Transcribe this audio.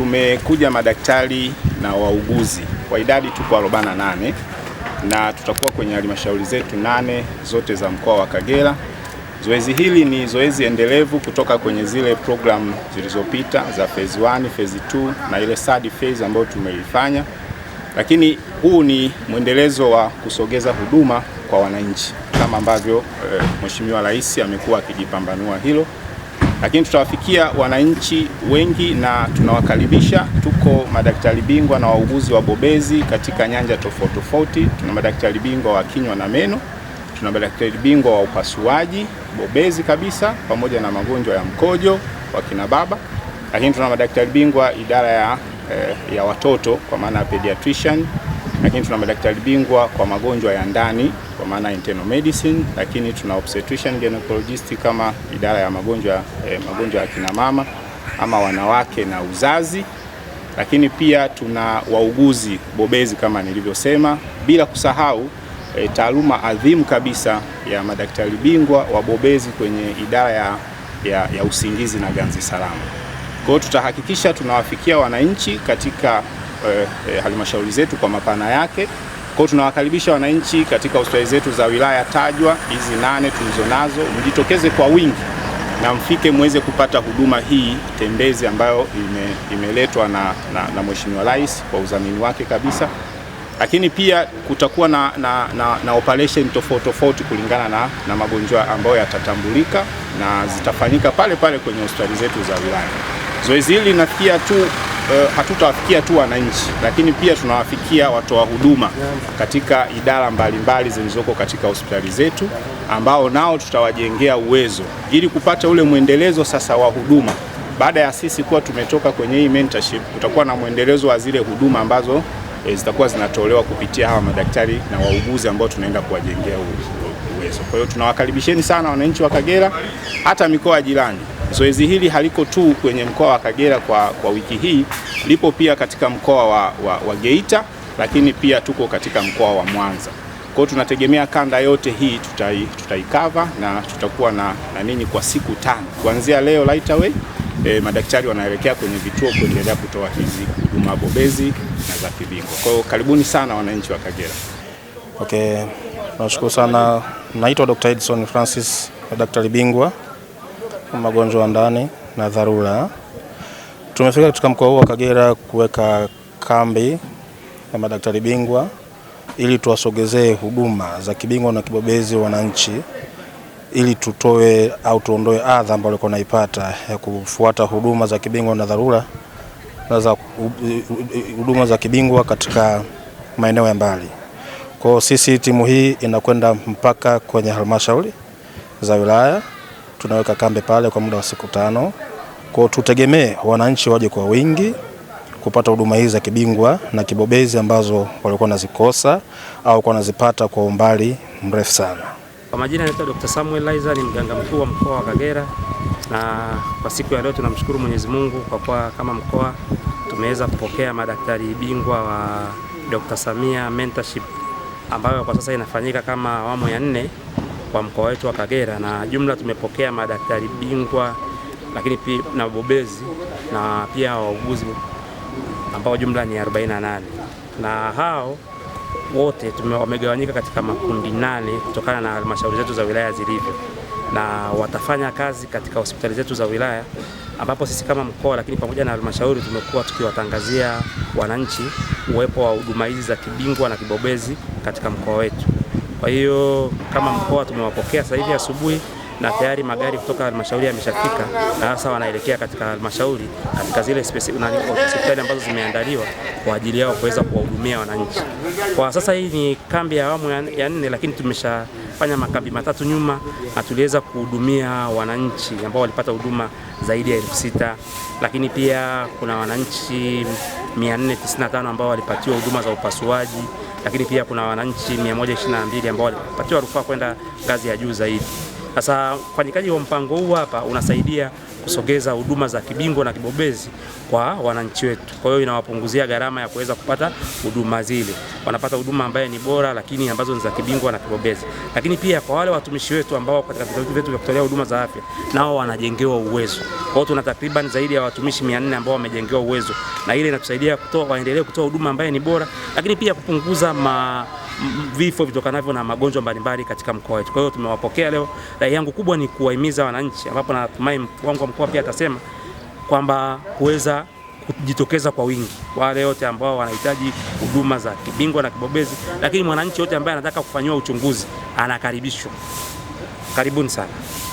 tumekuja madaktari na wauguzi kwa idadi tuko 48 na tutakuwa kwenye halmashauri zetu nane zote za mkoa wa Kagera. Zoezi hili ni zoezi endelevu kutoka kwenye zile program zilizopita za phase 1, phase 2 na ile third phase ambayo tumeifanya, lakini huu ni mwendelezo wa kusogeza huduma kwa wananchi kama ambavyo e, Mheshimiwa Rais amekuwa akijipambanua hilo lakini tutawafikia wananchi wengi na tunawakaribisha. Tuko madaktari bingwa na wauguzi wabobezi katika nyanja tofauti tofauti. Tuna madaktari bingwa wa kinywa na meno, tuna madaktari bingwa wa upasuaji bobezi kabisa, pamoja na magonjwa ya mkojo wa kina baba, lakini tuna madaktari bingwa idara ya, eh, ya watoto kwa maana ya pediatrician, lakini tuna madaktari bingwa kwa magonjwa ya ndani maana internal medicine, lakini tuna obstetrician gynecologist kama idara ya magonjwa eh, magonjwa ya kina mama ama wanawake na uzazi, lakini pia tuna wauguzi bobezi kama nilivyosema, bila kusahau eh, taaluma adhimu kabisa ya madaktari bingwa wabobezi kwenye idara ya, ya, ya usingizi na ganzi salama. Kwa hiyo tutahakikisha tunawafikia wananchi katika eh, eh, halmashauri zetu kwa mapana yake. Kwa tunawakaribisha wananchi katika hospitali zetu za wilaya tajwa hizi nane tulizo nazo mjitokeze kwa wingi na mfike mweze kupata huduma hii tembezi ambayo ime, imeletwa na, na, na Mheshimiwa Rais kwa udhamini wake kabisa, lakini pia kutakuwa na, na, na, na operation tofauti tofauti kulingana na, na magonjwa ambayo yatatambulika na zitafanyika pale pale kwenye hospitali zetu za wilaya. Zoezi hili linafikia tu uh, hatutawafikia tu wananchi, lakini pia tunawafikia watoa huduma katika idara mbalimbali zilizoko katika hospitali zetu, ambao nao tutawajengea uwezo ili kupata ule mwendelezo sasa wa huduma. Baada ya sisi kuwa tumetoka kwenye hii mentorship, kutakuwa na mwendelezo wa zile huduma ambazo e, zitakuwa zinatolewa kupitia hawa madaktari na wauguzi ambao tunaenda kuwajengea uwezo. Kwa hiyo tunawakaribisheni sana wananchi wa Kagera, hata mikoa jirani. Zoezi hili haliko tu kwenye mkoa wa Kagera kwa, kwa wiki hii, lipo pia katika mkoa wa, wa, wa Geita, lakini pia tuko katika mkoa wa Mwanza. Kwa hiyo tunategemea kanda yote hii tutai, tutaikava na tutakuwa na, na ninyi kwa siku tano kuanzia leo right away. E, madaktari wanaelekea kwenye vituo kuendelea kutoa hizi huduma bobezi na za kibingwa. Kwa hiyo karibuni sana wananchi wa Kagera. Okay, nashukuru sana. Naitwa Dr. Edson Francis, daktari bingwa magonjwa ndani na dharura. Tumefika katika mkoa huu wa Kagera kuweka kambi ya madaktari bingwa ili tuwasogezee huduma za kibingwa na kibobezi wananchi, ili tutoe au tuondoe adha ambayo walikuwa naipata ya kufuata huduma za kibingwa na dharura na za huduma za kibingwa katika maeneo ya mbali. Kwa hiyo sisi timu hii inakwenda mpaka kwenye halmashauri za wilaya tunaweka kambi pale kwa muda wa siku tano. Kwa tutegemee wananchi waje kwa wingi kupata huduma hizi za kibingwa na kibobezi ambazo walikuwa wanazikosa au kwa wanazipata kwa umbali mrefu sana. Kwa majina naitwa Dr. Samuel Laizer, ni mganga mkuu wa mkoa wa Kagera, na kwa siku ya leo tunamshukuru Mwenyezi Mungu kwa kuwa kama mkoa tumeweza kupokea madaktari bingwa wa Dr. Samia Mentorship ambayo kwa sasa inafanyika kama awamu ya nne kwa mkoa wetu wa Kagera, na jumla tumepokea madaktari bingwa lakini pia na bobezi na pia wauguzi ambao jumla ni 48 na hao wote wamegawanyika katika makundi nane kutokana na halmashauri zetu za wilaya zilivyo, na watafanya kazi katika hospitali zetu za wilaya, ambapo sisi kama mkoa, lakini pamoja na halmashauri tumekuwa tukiwatangazia wananchi uwepo wa huduma hizi za kibingwa na kibobezi katika mkoa wetu. Kwa hiyo kama mkoa tumewapokea sasa hivi asubuhi na tayari magari kutoka halmashauri yameshafika na sasa wanaelekea katika halmashauri katika zile hospitali ambazo zimeandaliwa kwa ajili yao kuweza kuwahudumia wananchi. Kwa sasa hii ni kambi ya awamu ya nne, lakini tumeshafanya makambi matatu nyuma na tuliweza kuhudumia wananchi ambao walipata huduma zaidi ya elfu sita lakini pia kuna wananchi 495 ambao walipatiwa huduma za upasuaji lakini pia kuna wananchi 122 ambao walipatiwa rufaa kwenda ngazi ya juu zaidi. Sasa ufanyikaji wa mpango huu hapa unasaidia kusogeza huduma za kibingwa na kibobezi kwa wananchi wetu. Kwa hiyo inawapunguzia gharama ya kuweza kupata huduma zile, wanapata huduma ambaye ni bora, lakini ambazo ni za kibingwa na kibobezi. Lakini pia kwa wale watumishi wetu ambao katika vituo vyetu vya kutolea huduma za afya, nao wanajengewa uwezo. Kwa hiyo tuna takriban zaidi ya watumishi 400 ambao wamejengewa uwezo, na ile inatusaidia kutoa waendelee kutoa huduma ambaye ni bora, lakini pia kupunguza ma vifo vitokanavyo na magonjwa mbalimbali katika mkoa wetu. Kwa hiyo tumewapokea leo. Rai yangu kubwa ni kuwahimiza wananchi, ambapo natumai wangu wa mkoa pia atasema kwamba kuweza kujitokeza kwa wingi, wale wote ambao wanahitaji huduma za kibingwa na kibobezi, lakini mwananchi yote ambaye anataka kufanyiwa uchunguzi anakaribishwa. Karibuni sana.